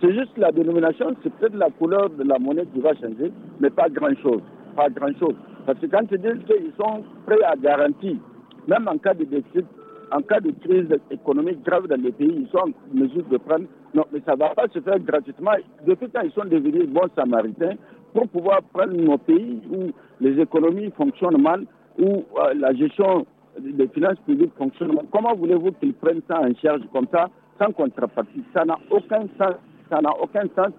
C'est juste la dénomination, c'est peut-être la couleur de la monnaie qui va changer, mais pas grand-chose. Pas grand-chose. Parce que quand ils disent qu'ils sont prêts à garantir, même en cas de déficit, en cas de crise économique grave dans les pays, ils sont en mesure de prendre. Non, mais ça ne va pas se faire gratuitement. Depuis quand ils sont devenus bons samaritains pour pouvoir prendre nos pays où les économies fonctionnent mal, où euh, la gestion des finances publiques fonctionne mal. Comment voulez-vous qu'ils prennent ça en charge comme ça, sans contrepartie Ça n'a aucun sens ça n'a aucun sens